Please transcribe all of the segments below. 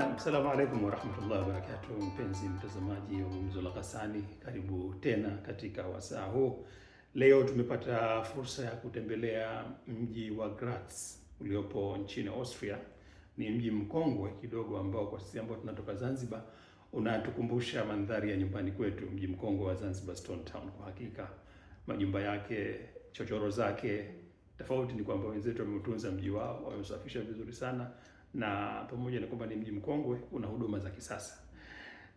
assalamu alaikum warahmatullahi mpenzi mtazamaji wa Gumzo la Ghassani, karibu tena katika wasaa huu. Leo tumepata fursa ya kutembelea mji wa Graz uliopo nchini Austria. Ni mji mkongwe kidogo ambao kwa sisi ambao tunatoka Zanzibar unatukumbusha mandhari ya nyumbani kwetu, mji mkongwe wa Zanzibar, Stone Town. Kwa hakika majumba yake, chochoro zake Tofauti ni kwamba wenzetu wameutunza mji wao, wamesafisha vizuri sana, na pamoja na kwamba ni mji mkongwe, una huduma za kisasa.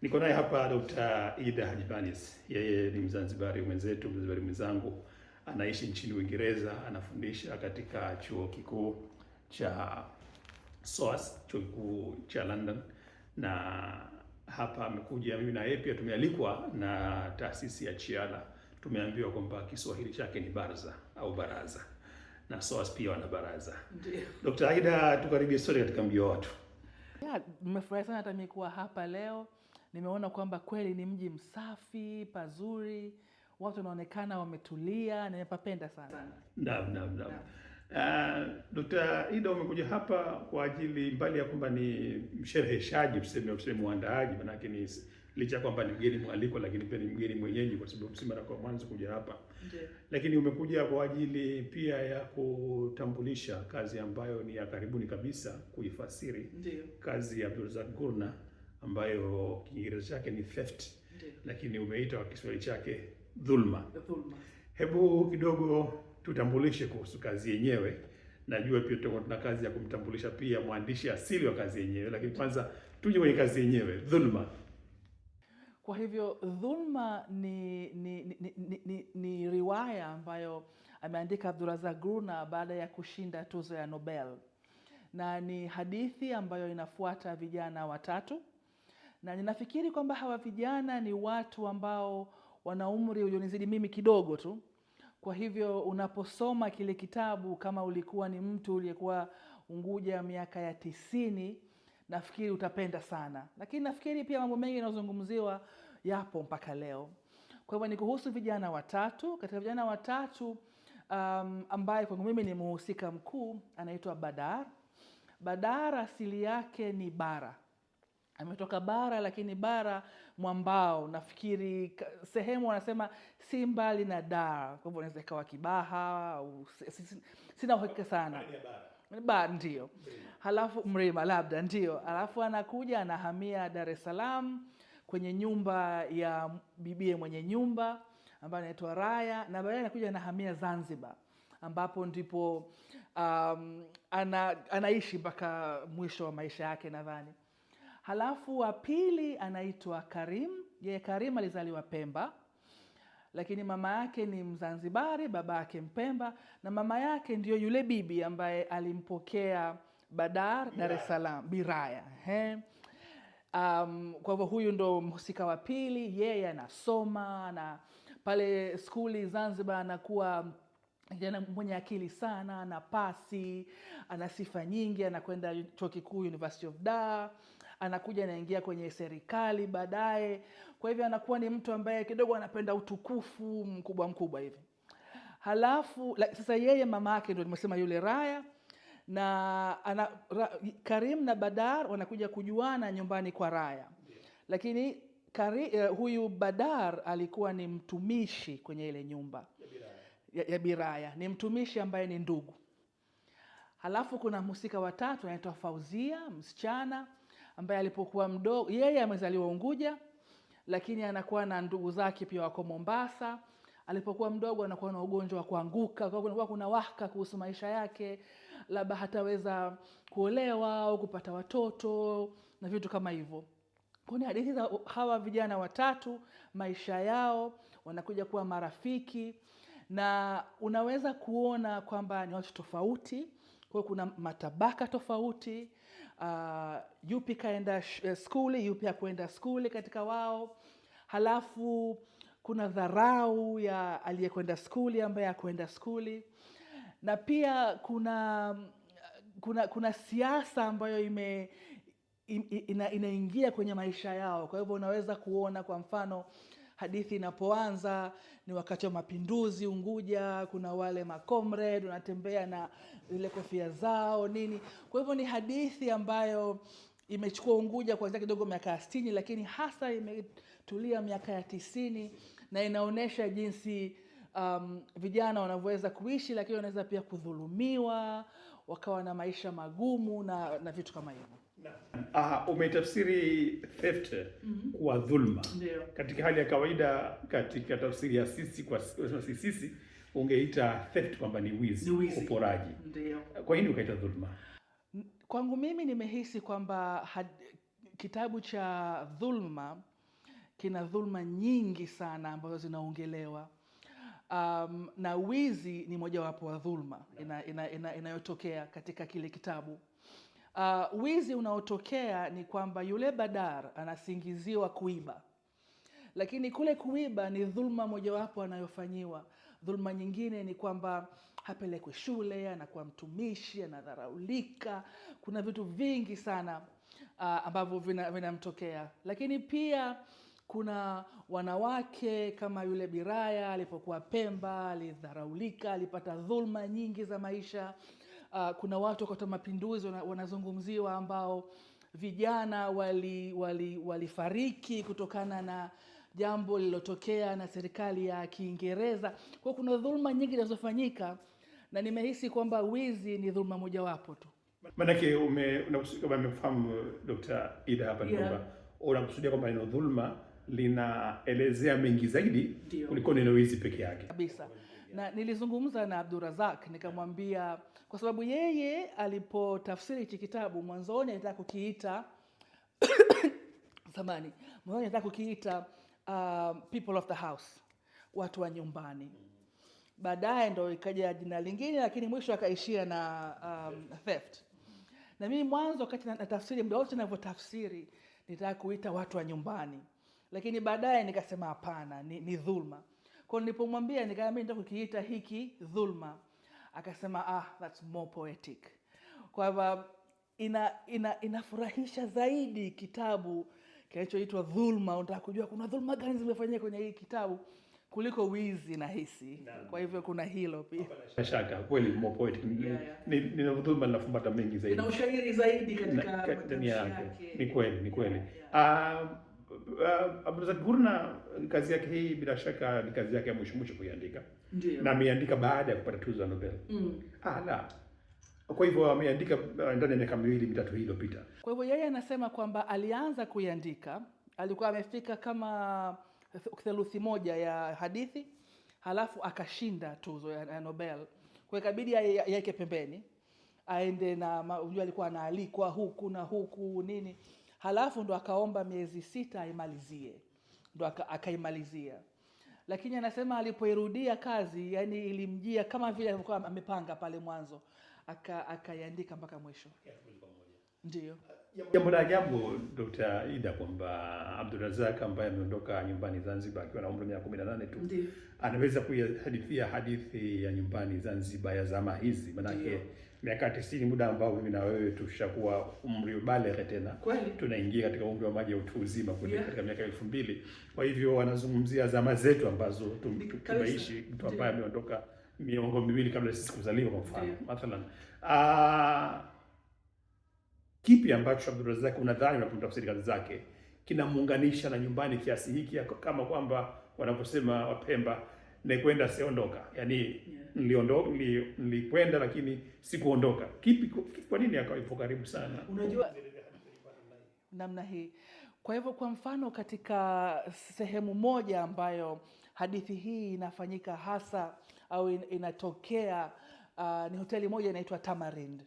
Niko naye hapa Dr. Ida Hajibanis, yeye ni Mzanzibari mwenzetu, Mzanzibari mwenzangu, anaishi nchini Uingereza, anafundisha katika chuo kikuu cha SOAS, chuo kikuu cha London, na hapa amekuja, mimi na yeye pia tumealikwa na taasisi ya Chiala, tumeambiwa kwamba Kiswahili chake ni barza au baraza na SOAS pia wana baraza. Dr. Aida, tukaribie sote katika mji wa watu. Nimefurahi sana hata mimi kuwa hapa leo, nimeona kwamba kweli ni mji msafi pazuri, watu wanaonekana wametulia, nimepapenda sana. Ndam, ndam, ndam. Uh, ah, Dr. Aida umekuja hapa kwa ajili mbali ya kwamba ni mshereheshaji, tuseme, tuseme muandaaji, maanake ni licha kwamba ni mgeni mwaliko, lakini pia ni mgeni mwenyeji, kwa sababu si mara kwa mwanzo kuja hapa Ndiyo. Lakini umekuja kwa ajili pia ya kutambulisha kazi ambayo ni ya karibuni kabisa kuifasiri Ndiyo. kazi ya Abdulrazak Gurnah ambayo Kiingereza chake ni theft Ndiyo. lakini umeita kwa Kiswahili chake dhulma. Dhulma. Hebu kidogo tutambulishe kuhusu kazi yenyewe. Najua pia tutakuwa tuna kazi ya kumtambulisha pia mwandishi asili wa kazi yenyewe, lakini kwanza tuje kwenye kazi yenyewe dhulma. Kwa hivyo dhulma ni, ni, ni, ni, ni, ni riwaya ambayo ameandika Abdurazak Gurna baada ya kushinda tuzo ya Nobel, na ni hadithi ambayo inafuata vijana watatu, na ninafikiri kwamba hawa vijana ni watu ambao wana umri ulionizidi mimi kidogo tu. Kwa hivyo unaposoma kile kitabu, kama ulikuwa ni mtu uliyekuwa Unguja miaka ya tisini nafikiri utapenda sana, lakini nafikiri pia mambo mengi yanayozungumziwa yapo mpaka leo. Kwa hivyo ni kuhusu vijana watatu. Katika vijana watatu um, ambaye kwangu mimi ni mhusika mkuu anaitwa Badar. Badar asili yake ni bara, ametoka bara, lakini bara mwambao, nafikiri sehemu wanasema si mbali na Dar, kwa hivyo unaweza ikawa Kibaha, sina uhakika sana ba ndio, halafu Mrima labda ndio, halafu anakuja anahamia Dar es Salaam kwenye nyumba ya bibie mwenye nyumba ambayo anaitwa Raya, na baadaye anakuja anahamia Zanzibar ambapo ndipo um, ana, anaishi mpaka mwisho wa maisha yake nadhani. Halafu wa pili anaitwa Karim. Yeye Karim alizaliwa Pemba lakini mama yake ni Mzanzibari, baba yake Mpemba, na mama yake ndio yule bibi ambaye alimpokea Badar Dar es Salaam Biraya. Um, kwa hivyo huyu ndo mhusika wa pili. Yeye anasoma na pale skuli Zanzibar anakuwa kijana mwenye akili sana, ana pasi, ana sifa nyingi, anakwenda chuo kikuu University of Dar anakuja anaingia kwenye serikali baadaye. Kwa hivyo anakuwa ni mtu ambaye kidogo anapenda utukufu mkubwa mkubwa hivi. Halafu la, sasa yeye mama yake ndio nimesema yule Raya na ana, ra, Karim na Badar wanakuja kujuana nyumbani kwa Raya, lakini Kari, uh, huyu Badar alikuwa ni mtumishi kwenye ile nyumba ya Biraya, ya, ya Biraya. Ni mtumishi ambaye ni ndugu. Halafu kuna mhusika watatu anaitwa Fauzia, msichana ambaye alipokuwa mdogo, yeye amezaliwa Unguja, lakini anakuwa na ndugu zake pia wako Mombasa. Alipokuwa mdogo, anakuwa na ugonjwa wa kuanguka, kunakuwa kuna wahaka kuhusu maisha yake, labda hataweza kuolewa au kupata watoto na vitu kama hivyo. Kuna hadithi za hawa vijana watatu, maisha yao, wanakuja kuwa marafiki na unaweza kuona kwamba ni watu tofauti, kwa kuna matabaka tofauti uh, yupi kaenda eh, skuli, yupi hakuenda skuli katika wao. Halafu kuna dharau ya aliyekwenda skuli ambaye akuenda skuli, na pia kuna kuna, kuna siasa ambayo ime in, ina, inaingia kwenye maisha yao. Kwa hivyo unaweza kuona kwa mfano hadithi inapoanza ni wakati wa mapinduzi Unguja, kuna wale makomred wanatembea na ile kofia zao nini. Kwa hivyo ni hadithi ambayo imechukua Unguja kuanzia kidogo miaka ya sitini, lakini hasa imetulia miaka ya tisini na inaonyesha jinsi um, vijana wanavyoweza kuishi, lakini wanaweza pia kudhulumiwa wakawa na maisha magumu na, na vitu kama hivyo. Aha, umetafsiri theft mm -hmm. kuwa dhulma. Ndiyo. Katika hali ya kawaida katika tafsiri ya sisi kwa sisi ungeita theft kwamba ni wizi, uporaji. Ndiyo. Kwa nini ukaita dhulma? Kwangu mimi nimehisi kwamba kitabu cha dhulma kina dhulma nyingi sana ambazo zinaongelewa. Um, na wizi ni mojawapo wa dhulma inayotokea ina, ina, ina katika kile kitabu. Uh, wizi unaotokea ni kwamba yule Badar anasingiziwa kuiba, lakini kule kuiba ni dhulma mojawapo anayofanyiwa. Dhulma nyingine ni kwamba hapelekwe shule, anakuwa mtumishi, anadharaulika. Kuna vitu vingi sana uh, ambavyo vinamtokea vina, lakini pia kuna wanawake kama yule Biraya alipokuwa Pemba, alidharaulika, alipata dhulma nyingi za maisha uh, kuna watu wakata mapinduzi wanazungumziwa ambao vijana wali, wali, walifariki kutokana na jambo lililotokea na serikali ya Kiingereza. Kwa kuna dhuluma nyingi zinazofanyika na nimehisi kwamba wizi ni dhulma mojawapo tu. Maanake unakusudia kama nimefahamu Dr. Ida hapa ni kwamba unakusudia kwamba neno dhuluma linaelezea mengi zaidi kuliko neno wizi peke yake kabisa, na nilizungumza na Abdurazak nikamwambia kwa sababu yeye alipotafsiri hichi kitabu mwanzoni anataka kukiita samani mwanzoni anataka kukiita uh, people of the house, watu wa nyumbani. Baadaye ndo ikaja jina lingine, lakini mwisho akaishia na um, theft. Na mimi mwanzo wakati natafsiri, muda wote navyotafsiri nitaka kuita watu wa nyumbani, lakini baadaye nikasema hapana, ni, ni dhulma. Kwa nilipomwambia nikaa mi nita kukiita hiki dhulma akasema ah, that's more poetic, kwa hivyo ina, ina, inafurahisha zaidi kitabu kinachoitwa Dhulma. Unataka kujua kuna dhulma gani zimefanyika kwenye hii kitabu kuliko wizi na hisi. Kwa hivyo kuna hilo pia, shaka kweli more poetic, nina dhulma linafumbata mengi zaidi, na ushairi zaidi katika ndani yake. Ni kweli, ni kweli. yeah, yeah. Uh, Abdulrazak Gurnah kazi yake hii bila shaka ni kazi yake ya mwisho mwisho kuiandika. Ndiyo. na ameandika baada ya kupata tuzo ya Nobel. Mm. Ah, la. Kwa hivyo ameandika uh, ndani ya miaka miwili mitatu hii iliyopita. Kwa hivyo yeye anasema kwamba alianza kuiandika, alikuwa amefika kama theluthi moja ya hadithi, halafu akashinda tuzo ya Nobel. Kwa ikabidi yaweke pembeni aende na unajua, alikuwa anaalikwa huku na huku nini, halafu ndo akaomba miezi sita aimalizie, ndo akaimalizia lakini anasema alipoirudia kazi, yani ilimjia kama vile alivyokuwa amepanga pale mwanzo, akaiandika mpaka mwisho. Ndio jambo la ajabu Dkt. Ida kwamba Abdulrazak ambaye ameondoka nyumbani Zanzibar akiwa na umri wa miaka nane tu anaweza kuihadithia hadithi ya nyumbani Zanzibar ya zama hizi, manake miaka tisini, muda ambao mimi na wewe tushakuwa umri baleghe tena, kweli tunaingia katika umri wa maji ya utu uzima kule yeah, katika miaka elfu mbili. Kwa hivyo wanazungumzia zama zetu ambazo tumeishi, mtu ambaye ameondoka miongo miwili kabla sisi kuzaliwa, kwa mfano mathalan ah, Kipi ambacho Abdulrazak unadhani unapomtafsiri kazi zake kinamuunganisha na nyumbani kiasi hiki, kama kwamba wanaposema Wapemba nilikwenda siondoka, yaani yeah. Niliondoka, lakini sikuondoka. Kipi, kipi? Kwa nini akawepo karibu sana? Unajua namna hii. Kwa hivyo kwa mfano katika sehemu moja ambayo hadithi hii inafanyika hasa au inatokea uh, ni hoteli moja inaitwa Tamarind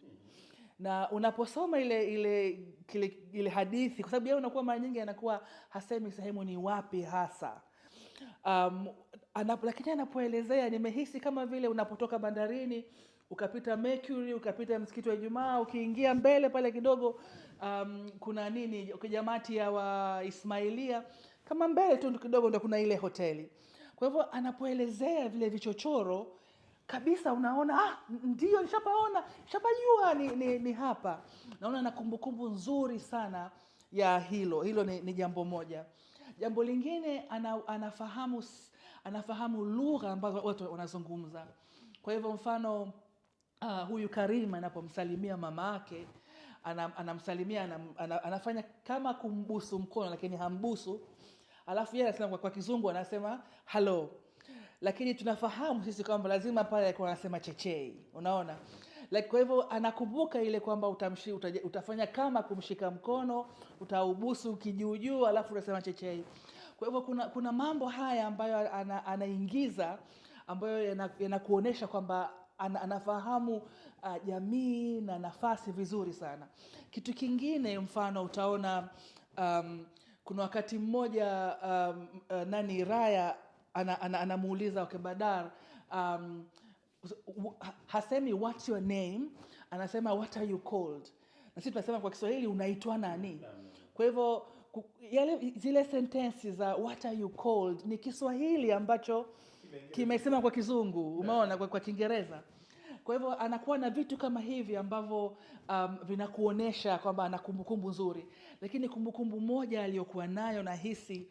na unaposoma ile ile kile, ile hadithi kwa sababu yeye unakuwa mara nyingi anakuwa hasemi sehemu ni wapi hasa. Um, anap, lakini anapoelezea nimehisi kama vile unapotoka bandarini ukapita Mercury ukapita msikiti wa Ijumaa ukiingia mbele pale kidogo, um, kuna nini jamati ya Waismailia kama mbele tu kidogo ndo kuna ile hoteli. Kwa hivyo anapoelezea vile vichochoro kabisa, unaona ah, ndio nishapaona, nishapajua ni, ni, ni hapa. Naona na kumbukumbu nzuri sana ya hilo hilo. Ni, ni jambo moja. Jambo lingine ana, anafahamu anafahamu lugha ambazo watu wanazungumza. Kwa hivyo mfano uh, huyu Karima anapomsalimia mama yake anamsalimia ana, ana, anafanya kama kumbusu mkono, lakini hambusu. Alafu yeye anasema kwa Kizungu anasema hello, lakini tunafahamu sisi kwamba lazima pale alikuwa anasema chechei, unaona like, kwa hivyo anakumbuka ile kwamba utamshi, utafanya kama kumshika mkono, utaubusu kijuujuu, alafu unasema chechei. Kwa hivyo kuna, kuna mambo haya ambayo anaingiza ana ambayo yanakuonyesha kwamba ana, anafahamu uh, jamii na nafasi vizuri sana. Kitu kingine mfano utaona um, kuna wakati mmoja um, uh, nani Raya anamuuliza ana, ana okay, um, hasemi what's your name, anasema what are you called, na sisi tunasema kwa Kiswahili unaitwa nani? Kwa hivyo yale zile sentensi za what are you called ni Kiswahili ambacho kimesema kwa Kizungu, umeona kwa, Kiingereza. Kwa hivyo anakuwa na vitu kama hivi ambavyo um, vinakuonyesha kwamba ana kumbukumbu nzuri, lakini kumbukumbu moja aliyokuwa nayo nahisi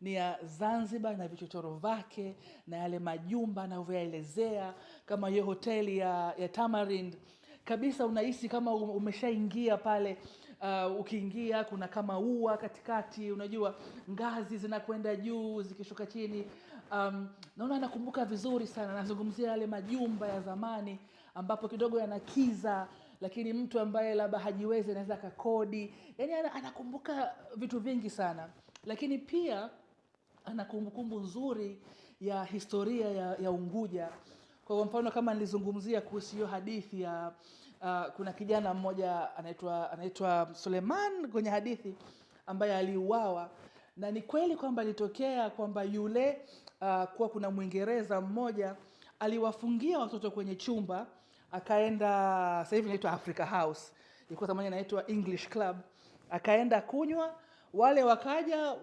ni ya Zanzibar na vichochoro vake na yale majumba anavyoyaelezea kama hiyo hoteli ya, ya Tamarind kabisa unahisi kama umeshaingia pale. Uh, ukiingia kuna kama ua katikati, unajua ngazi zinakwenda juu zikishuka chini. Um, naona nakumbuka vizuri sana, nazungumzia yale majumba ya zamani ambapo kidogo yanakiza lakini mtu ambaye labda hajiwezi anaweza kakodi Yani anakumbuka vitu vingi sana, lakini pia ana kumbukumbu nzuri ya historia ya, ya Unguja kwa mfano kama nilizungumzia kuhusu hiyo hadithi ya uh, kuna kijana mmoja anaitwa anaitwa Suleiman kwenye hadithi ambaye aliuawa, na ni kweli kwamba ilitokea kwamba yule uh, kuwa kuna Mwingereza mmoja aliwafungia watoto kwenye chumba, akaenda sasa hivi inaitwa Africa House, ilikuwa zamani inaitwa English Club, akaenda kunywa wale wakaja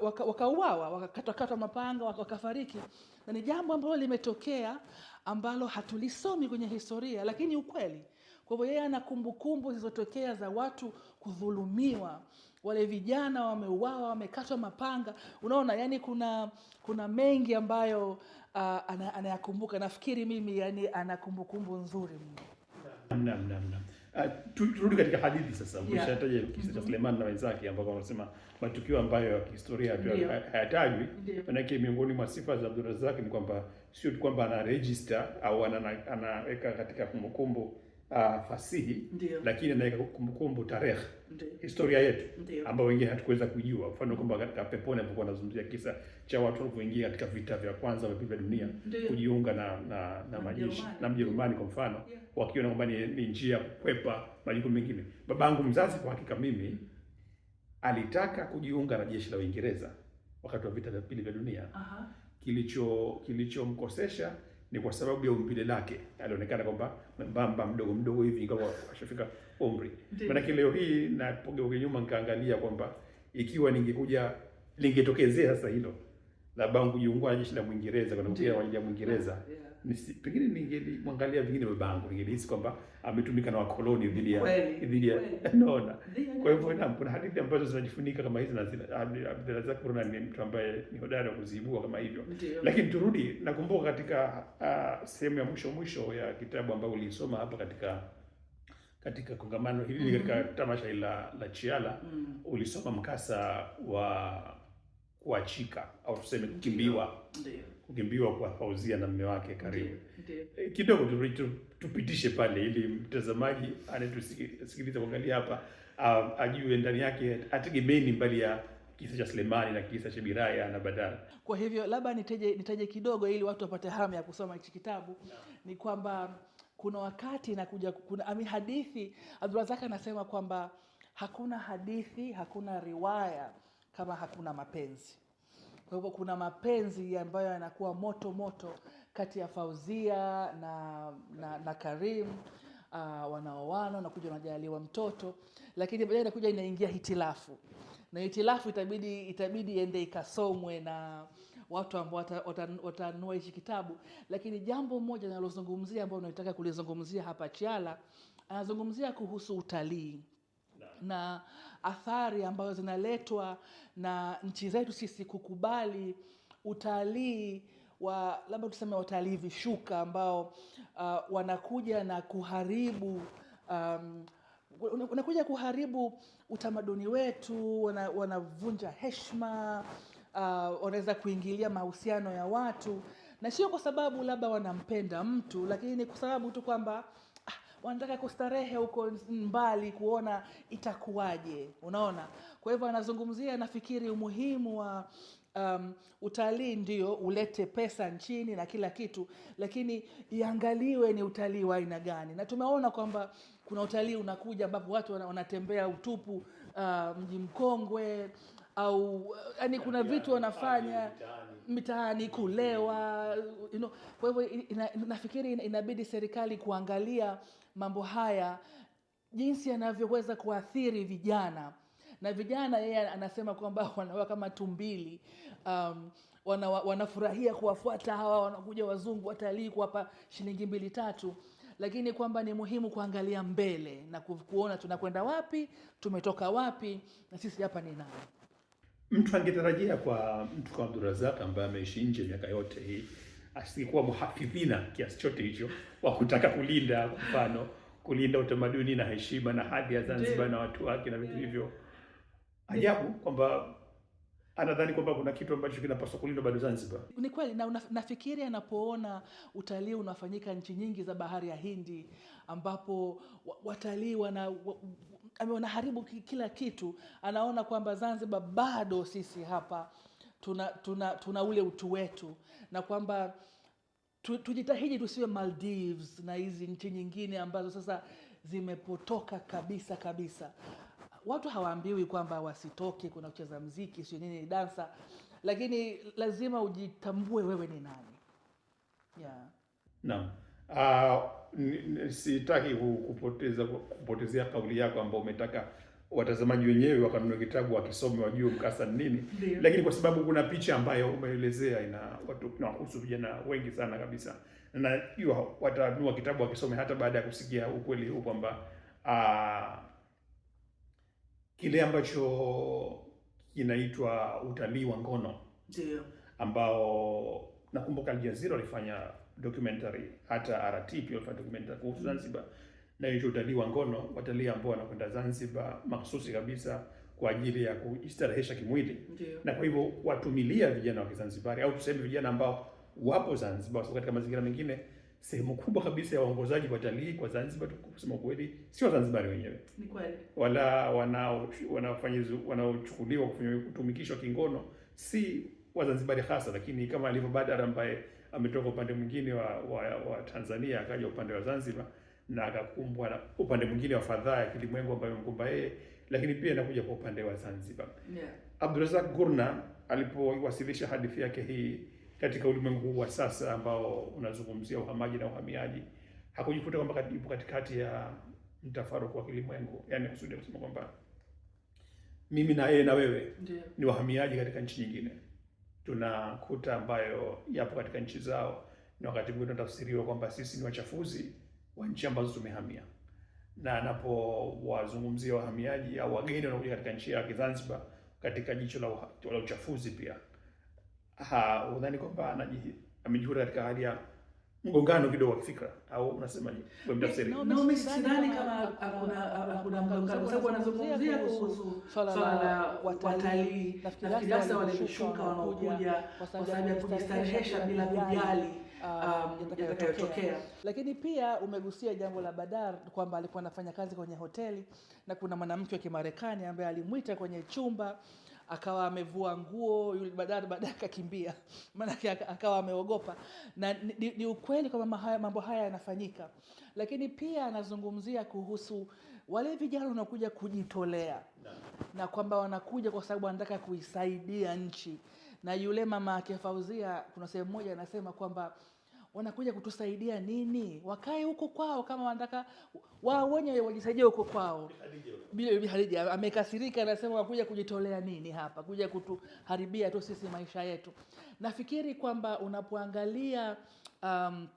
wakauawa, wakakatwakatwa mapanga, wakafariki, na ni jambo ambalo limetokea ambalo hatulisomi kwenye historia, lakini ukweli. Kwa hivyo yeye ana kumbukumbu zilizotokea za watu kudhulumiwa, wale vijana wameuawa, wamekatwa mapanga. Unaona, yani kuna kuna mengi ambayo uh, anayakumbuka. Nafikiri mimi yani ana kumbukumbu nzuri mno. Ah, turudi katika hadithi sasa, umeshataja yeah. kisa cha mm -hmm. Suleiman na wenzake ambapo wanasema matukio ambayo ya kihistoria hayatajwi, manake miongoni mwa sifa za Abdulrazak ni kwamba sio kwamba ana register au anaweka katika kumbukumbu uh, fasihi Ndiyo. lakini anaweka kumbukumbu tarehe, historia yetu ambayo wengine hatukuweza kujua. Mfano kwamba katika peponi alipokuwa anazungumzia kisa cha watu walivyoingia katika vita vya kwanza vya pili vya dunia Ndiyo. kujiunga na na, na majeshi na Mjerumani kwa mfano yeah. wakiona kwamba ni njia kukwepa majukumu mengine. Babangu mzazi kwa hakika mimi alitaka kujiunga na jeshi la Uingereza wakati wa vita vya pili vya dunia Aha. kilicho kilichomkosesha ni kwa sababu ya umbile lake, alionekana kwamba mbamba mdogo mdogo hivi kama ashafika umri. Maanake leo hii napogeuka nyuma nikaangalia kwamba ikiwa ningekuja lingetokezea sasa hilo labda bangu na jeshi la Mwingereza kwa ajili ya Mwingereza pengine ningelimwangalia vingine babangu ningelihisi kwamba ametumika na wakoloni dhidi ya dhidi ya naona. Kwa hivyo na kuna hadithi ambazo zinajifunika kama hizi, na Abdulrazak Burhan ni mtu ambaye ni hodari wa kuzibua kama hivyo. Lakini turudi, nakumbuka katika uh, sehemu ya mwisho mwisho ya kitabu ambayo ulisoma hapa katika katika kongamano hili mm -hmm. katika mm-hmm. tamasha la la Chiala mm -hmm. ulisoma mkasa wa kuachika au tuseme kukimbiwa, ndio ukimbiwa kwa Fauzia na mme wake karibu E, kidogo tupitishe pale ili mtazamaji anayetusikiliza kuangalia hapa uh, ajue ndani yake ategemeni mbali ya kisa cha slemani na kisa cha Biraya na Badara. Kwa hivyo labda nitaje nitaje kidogo ili watu wapate hamu ya kusoma hichi kitabu no. Ni kwamba kuna wakati kuja kuna ami hadithi Abdulrazak anasema kwamba hakuna hadithi, hakuna riwaya kama hakuna mapenzi kwa hivyo kuna mapenzi ambayo yanakuwa moto moto kati ya Fauzia na, na, na Karim uh, wanaoana nakuja wanajaliwa mtoto, lakini baadaye inakuja inaingia hitilafu na hitilafu itabidi itabidi ende ikasomwe na watu ambao watanua hichi kitabu. Lakini jambo moja nalozungumzia ambao unaitaka kulizungumzia hapa, Chiala anazungumzia kuhusu utalii na athari ambazo zinaletwa na nchi zetu sisi kukubali utalii wa labda tuseme watalii vishuka ambao uh, wanakuja na kuharibu um, unakuja kuharibu utamaduni wetu, wanavunja wana heshma uh, wanaweza kuingilia mahusiano ya watu, na sio kwa sababu labda wanampenda mtu, lakini ni kwa sababu tu kwamba wanataka kustarehe huko mbali, kuona itakuwaje. Unaona, kwa hivyo anazungumzia, nafikiri umuhimu wa Um, utalii ndio ulete pesa nchini na kila kitu, lakini iangaliwe ni utalii wa aina gani, na tumeona kwamba kuna utalii unakuja ambapo watu wanatembea utupu, uh, mji mkongwe au yani kuna vitu wanafanya mitaani kulewa, you know. Kwa hivyo ina, nafikiri inabidi serikali kuangalia mambo haya jinsi yanavyoweza kuathiri vijana na vijana yeye anasema kwamba wanawa kama tumbili um, wana, wanafurahia kuwafuata hawa wanakuja wazungu watalii kuwapa shilingi mbili tatu, lakini kwamba ni muhimu kuangalia mbele na kuona tunakwenda wapi, tumetoka wapi na sisi hapa ni nani mtu angetarajia kwa mtu kama Abdurazak ambaye ameishi nje miaka yote hii asikuwa muhafidhina kiasi chote hicho wa kutaka kulinda kwa mfano kulinda utamaduni na heshima na hadhi ya Zanzibar na watu wake na vitu hivyo. Ajabu kwamba anadhani kwamba kuna kitu ambacho kinapaswa kulindwa bado Zanzibar. Ni kweli na una, nafikiri anapoona utalii unafanyika nchi nyingi za bahari ya Hindi ambapo watalii wana wa, wanaharibu kila kitu, anaona kwamba Zanzibar bado sisi hapa tuna, tuna, tuna ule utu wetu na kwamba tu, tujitahidi tusiwe Maldives na hizi nchi nyingine ambazo sasa zimepotoka kabisa kabisa watu hawaambiwi kwamba wasitoke, kuna kucheza mziki, sio nini, dansa, lakini lazima ujitambue wewe ni nani. Yeah. Naam. Uh, sitaki kupoteza kupotezea kauli yako ambao umetaka watazamaji wenyewe wakanunua kitabu wakisome wajue mkasa ni nini, lakini kwa sababu kuna picha ambayo umeelezea ina watu na vijana wengi sana kabisa, najua watanua kitabu wakisome hata baada ya kusikia ukweli huu kwamba uh, kile ambacho kinaitwa utalii wa ngono ndio ambao nakumbuka Al walifanya documentary, hata RT pia walifanya documentary kuhusu Zanzibar na hiyo utalii wa ngono, watalii ambao wanakwenda Zanzibar mahsusi kabisa kwa ajili ya kujistarehesha kimwili. Ndiyo. Na kwa hivyo watumilia vijana wa Kizanzibari au tuseme vijana ambao wapo Zanzibar katika mazingira mengine sehemu kubwa kabisa ya waongozaji watalii kwa Zanzibar, kusema kweli, si Wazanzibari wenyewe, ni kweli, wala wanaochukuliwa kufanya kutumikishwa kingono si Wazanzibari hasa, lakini kama alivyo Badara ambaye ametoka upande mwingine wa, wa, wa Tanzania akaja upande wa Zanzibar na akakumbwa na upande mwingine wa fadhaa ya kilimwengu ambayo mkumba yeye, lakini pia anakuja kwa upande wa Zanzibar. Yeah. Abdurazak Gurnah alipowasilisha hadithi yake hii katika ulimwengu huu wa sasa ambao unazungumzia uhamaji na uhamiaji, hakujikuta kwamba ipo katikati ya mtafaruku wa kilimwengu, yaani kusudi kusema kwamba mimi na yeye na wewe Ndiyo. ni wahamiaji katika nchi nyingine, tunakuta ambayo yapo katika nchi zao, na wakati mwingine tunatafsiriwa kwamba sisi ni wachafuzi wa nchi ambazo tumehamia. Na anapowazungumzia wahamiaji au wageni wanaokuja katika nchi yake Zanzibar katika jicho la, la uchafuzi pia ha, udhani kwamba amejikuta katika hali ya mgongano kidogo wa fikra au unasemaje? Sidhani kama hakuna mgongano, kwa sababu wanazungumzia kuhusu swala la watalii, nafikiri hasa wanaoshuka wanaokuja kwa sababu ya kujistarehesha bila kujali ah, um, yatakayotokea. Lakini pia umegusia jambo la Badar kwamba alikuwa anafanya kazi kwenye hoteli na kuna mwanamke wa Kimarekani ambaye alimwita kwenye chumba akawa amevua nguo yule baadaye akakimbia, maanake akawa ameogopa. Na ni, ni ukweli kwamba mambo haya yanafanyika, lakini pia anazungumzia kuhusu wale vijana wanakuja kujitolea na kwamba wanakuja kwa sababu wanataka kuisaidia nchi. Na yule mama akefauzia kuna sehemu moja anasema kwamba wanakuja kutusaidia nini? Wakae huko kwao, kama wanataka wao wenyewe wajisaidie huko kwao. Bibi amekasirika, anasema wakuja kujitolea nini hapa, kuja kutuharibia tu sisi maisha yetu. Nafikiri kwamba unapoangalia um,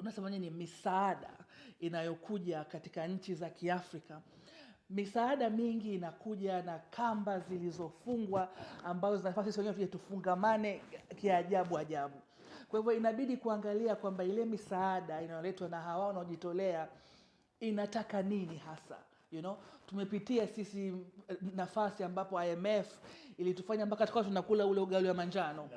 unasema nini, misaada inayokuja katika nchi za Kiafrika misaada mingi inakuja na kamba zilizofungwa ambazo zinafaa sisi wenyewe tuje tufungamane kiajabu ajabu. Kwa hivyo inabidi kuangalia kwamba ile misaada inayoletwa na hawa wanaojitolea inataka nini hasa. You know, tumepitia sisi eh, nafasi ambapo IMF ilitufanya mpaka tukawa tunakula ule ugali wa manjano.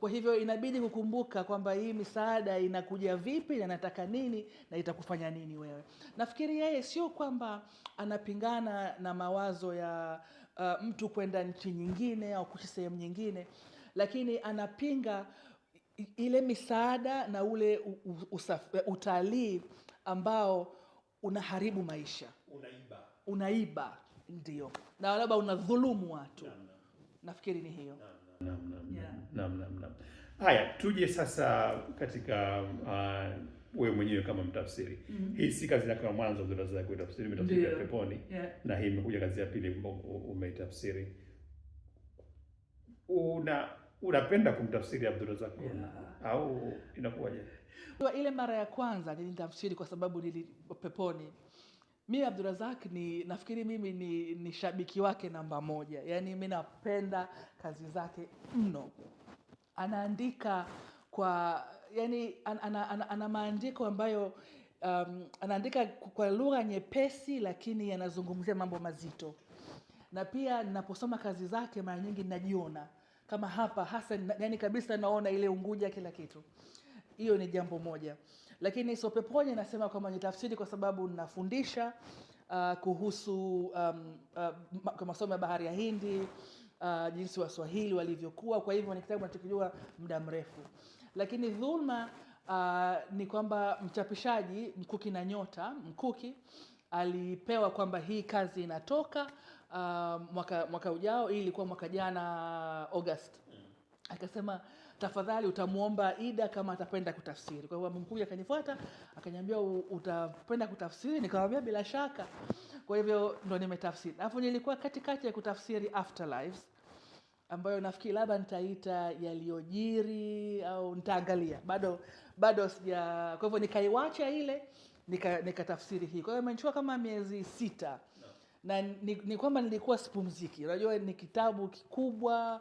Kwa hivyo inabidi kukumbuka kwamba hii misaada inakuja vipi na nataka nini na itakufanya nini wewe. Nafikiri yeye sio kwamba anapingana na mawazo ya uh, mtu kwenda nchi nyingine au kuishi sehemu nyingine, lakini anapinga ile misaada na ule utalii ambao unaharibu maisha, unaiba, unaiba ndio, na labda unadhulumu watu. Nafikiri ni hiyo. Haya, tuje sasa katika uh, wewe mwenyewe kama mtafsiri mm -hmm. Hii si kazi yako ya mwanzo darasa yako ya peponi yeah. Na hii imekuja kazi ya pili umetafsiri una unapenda kumtafsiri Abdurazak yeah. au inakuwaje? Ile mara ya kwanza nilitafsiri kwa sababu nili peponi mi Abdurazak ni nafikiri mimi ni, ni shabiki wake namba moja, yaani mi napenda kazi zake mno. Anaandika kwa yani, an, an, an, ana maandiko ambayo um, anaandika kwa lugha nyepesi, lakini yanazungumzia mambo mazito, na pia ninaposoma kazi zake mara nyingi najiona kama hapa hasa, yani kabisa naona ile Unguja, kila kitu. Hiyo ni jambo moja, lakini Sopeponye nasema kwamba ni tafsiri kwa sababu nafundisha uh, kuhusu um, uh, masomo ya bahari ya Hindi uh, jinsi Waswahili walivyokuwa. Kwa hivyo ni kitabu nachokijua muda mrefu, lakini dhulma Uh, ni kwamba mchapishaji Mkuki na Nyota Mkuki alipewa kwamba hii kazi inatoka uh, mwaka, mwaka ujao. Hii ilikuwa mwaka jana August, akasema tafadhali utamwomba Ida kama atapenda kutafsiri. Kwa hivyo mkuja akanifuata akanyambia utapenda kutafsiri, nikamwambia bila shaka. Kwa hivyo ndo nimetafsiri, alafu nilikuwa katikati ya kutafsiri Afterlives ambayo nafikiri labda nitaita yaliyojiri au nitaangalia, bado bado sija. Kwa hivyo nikaiwacha ile nikatafsiri nika hii. Kwa hiyo imenichukua kama miezi sita no. na ni, ni kwamba nilikuwa sipumziki. Unajua ni kitabu kikubwa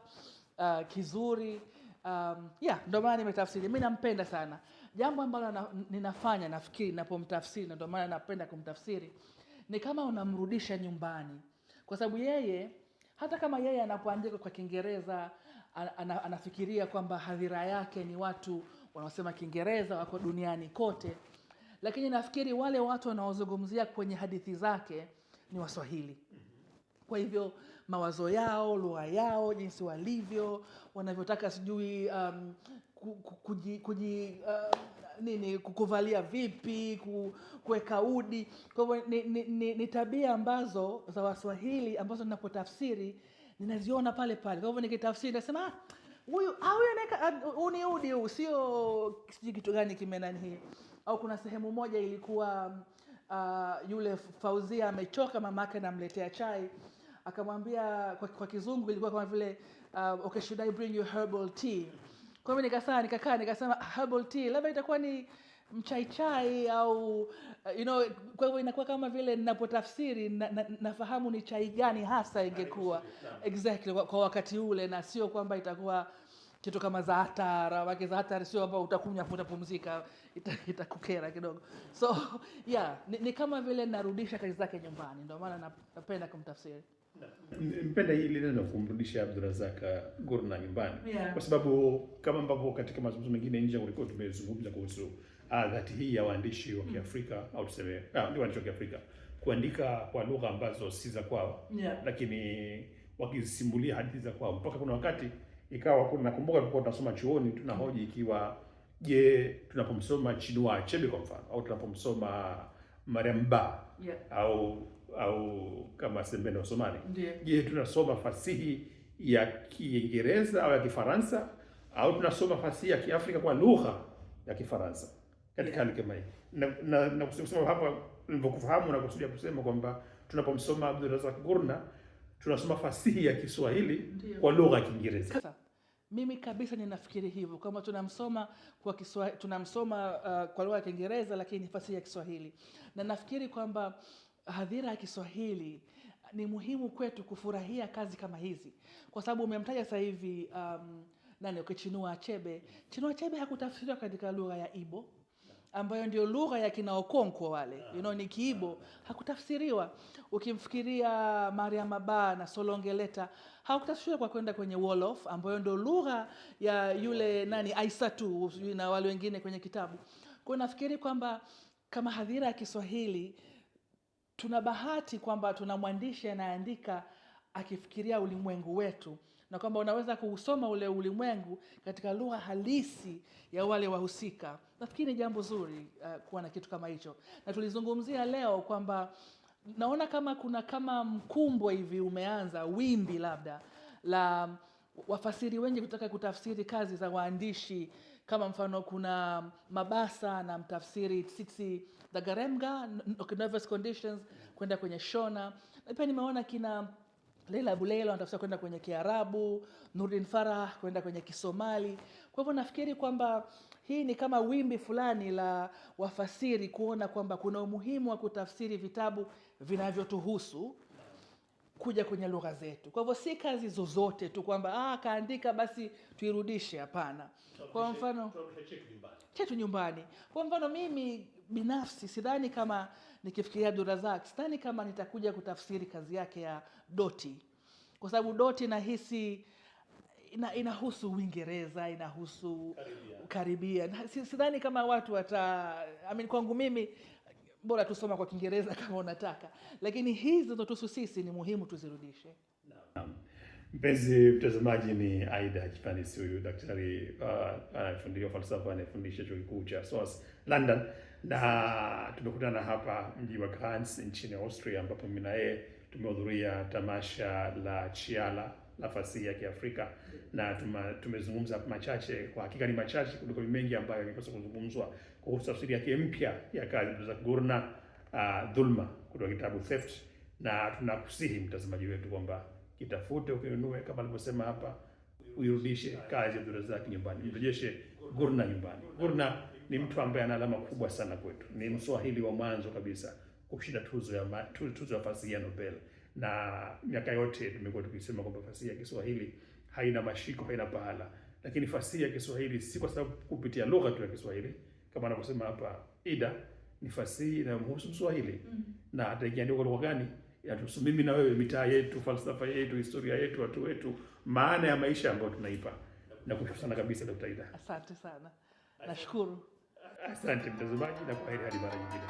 uh, kizuri um, yeah, ndio maana nimetafsiri. Mi nampenda sana, jambo ambalo na, ninafanya nafikiri napomtafsiri, na ndio maana napenda kumtafsiri, ni kama unamrudisha nyumbani, kwa sababu yeye hata kama yeye anapoandika kwa Kiingereza anafikiria kwamba hadhira yake ni watu wanaosema Kiingereza wako duniani kote lakini nafikiri wale watu wanaozungumzia kwenye hadithi zake ni Waswahili. Kwa hivyo mawazo yao, lugha yao, jinsi walivyo, wanavyotaka sijui um, kuji, kuji uh, nini kukuvalia vipi, kuweka udi. Kwa hivyo ni, ni, ni, ni tabia ambazo za Waswahili ambazo ninapotafsiri ninaziona pale pale. Kwa hivyo nikitafsiri nasema ah, huyu uh, ah, unaweka ah, uniudi huu, sio kitu gani kimenani hii au kuna sehemu moja ilikuwa uh, yule Fauzia amechoka, mamake anamletea chai, akamwambia kwa, kwa kizungu ilikuwa kama vile uh, okay, should I bring you herbal tea? Kwa hiyo nikasaa nikakaa nikasema herbal tea labda itakuwa ni mchai chai au uh, you know, kwa hivyo inakuwa kama vile ninapotafsiri na, na, nafahamu ni chai gani hasa ingekuwa exactly kwa, kwa wakati ule na sio kwamba itakuwa kitu kama za wake za sio ambao utakunywa utapumzika, itakukera ita kidogo. So yeah, ni, ni kama vile narudisha kazi zake nyumbani, ndio maana napenda kumtafsiri mpenda hili neno kumrudisha Abdurazak Gurnah nyumbani yeah. Kwa sababu kama ambavyo katika mazungumzo mengine nje ulikuwa tumezungumza kuhusu ah, dhati hii ya waandishi wa mm. Kiafrika mm. au tuseme ah, ndio waandishi wa Kiafrika kuandika kwa lugha ambazo si za kwao yeah. Lakini wakisimulia hadithi za kwao mpaka kuna wakati ikawa kuna nakumbuka tulikuwa tunasoma chuoni tuna hoji ikiwa je, tunapomsoma Chinua Achebe kwa mfano au tunapomsoma Mariam Ba yeah. au au kama Sembene Osmani yeah. je, tunasoma fasihi ya Kiingereza au ya Kifaransa au tunasoma fasihi ya Kiafrika kwa lugha ya Kifaransa katika hali kama hii na, na, na kusema hapa nilivyokufahamu na kusudia kusema kwamba tunapomsoma Abdulrazak Gurna tunasoma fasihi ya Kiswahili Ndiyo. kwa lugha ya Kiingereza. Mimi kabisa ninafikiri hivyo kwamba tunamsoma kwa Kiswa, tunamsoma uh, kwa lugha ya Kiingereza lakini fasihi ya Kiswahili, na nafikiri kwamba hadhira ya Kiswahili ni muhimu kwetu kufurahia kazi kama hizi, kwa sababu umemtaja sasa hivi um, nani ukichinua chebe Chinua chebe hakutafsiriwa katika lugha ya ibo ambayo ndio lugha ya kinaokonko wale you know, ni Kiibo, hakutafsiriwa. Ukimfikiria maria maba na Solongeleta hakutafsiriwa kwa kwenda kwenye Wolof ambayo ndio lugha ya yule nani Aisatu na wale wengine kwenye kitabu. kwao nafikiri kwamba kama hadhira ya Kiswahili tuna bahati kwamba tuna mwandishi anayeandika akifikiria ulimwengu wetu na kwamba unaweza kuusoma ule ulimwengu katika lugha halisi ya wale wahusika. Nafikiri ni jambo zuri uh, kuwa na kitu kama hicho, na tulizungumzia leo kwamba naona kama kuna kama mkumbwe hivi umeanza, wimbi labda la wafasiri wengi kutaka kutafsiri kazi za waandishi kama mfano kuna Mabasa na mtafsiri Tsitsi Dagaremga Nervous Conditions kwenda kwenye Shona, na pia nimeona kina Leila Bulelo anatafuta kwenda kwenye Kiarabu, Nurdin Farah kwenda kwenye Kisomali. Kwa hivyo nafikiri kwamba hii ni kama wimbi fulani la wafasiri kuona kwamba kuna umuhimu wa kutafsiri vitabu vinavyotuhusu kuja kwenye lugha zetu. Kwa hivyo si kazi zozote tu kwamba ah, kaandika basi tuirudishe. Hapana. Kwa mfano chetu nyumbani, kwa mfano mimi binafsi sidhani kama nikifikiria Abdulrazak sidhani kama nitakuja kutafsiri kazi yake ya Doti, kwa sababu Doti nahisi ina, inahusu Uingereza, inahusu Karibia, Sidhani kama watu wata I mean, kwangu mimi bora tusoma kwa Kiingereza kama unataka, lakini hizi zinazotuhusu sisi ni muhimu tuzirudishe. Mpenzi mtazamaji, ni Aida Kipanis huyu daktari uh, falsafa, anayefundisha chuo kikuu cha SOAS London na tumekutana hapa mji wa Graz nchini Austria, ambapo mimi na yeye tumehudhuria tamasha la Chiala la fasihi ya Kiafrika na tuma, tumezungumza machache. Kwa hakika ni machache kuliko mengi ambayo yangepaswa kuzungumzwa kuhusu tafsiri yake mpya ya kazi za Gurna uh, Dhulma kutoka kitabu Theft, na tunakusihi mtazamaji wetu kwamba kitafute, ukinunue, kama alivyosema hapa, uirudishe kazi ya Abdulrazak nyumbani, mrejeshe Gurna nyumbani. Gurna ni mtu ambaye ana alama kubwa sana kwetu, ni Mswahili wa mwanzo kabisa kushinda tuzo ya tuzo ya fasihi ya Nobel, na miaka yote tumekuwa tukisema kwamba fasihi ya Kiswahili haina mashiko, haina pahala, lakini fasihi ya Kiswahili si kwa sababu kupitia lugha tu ya Kiswahili kama anavyosema hapa Ida, ni fasihi inayomhusu Mswahili mm -hmm. na hata ikiandikwa kwa lugha gani yatuhusu mimi na wewe, mitaa yetu, falsafa yetu, historia yetu, watu wetu, maana ya maisha ambayo tunaipa. Nakushukuru sana kabisa Dr. Ida, asante sana, nashukuru. Asante mtazamaji, na kwa hadi mara nyingine.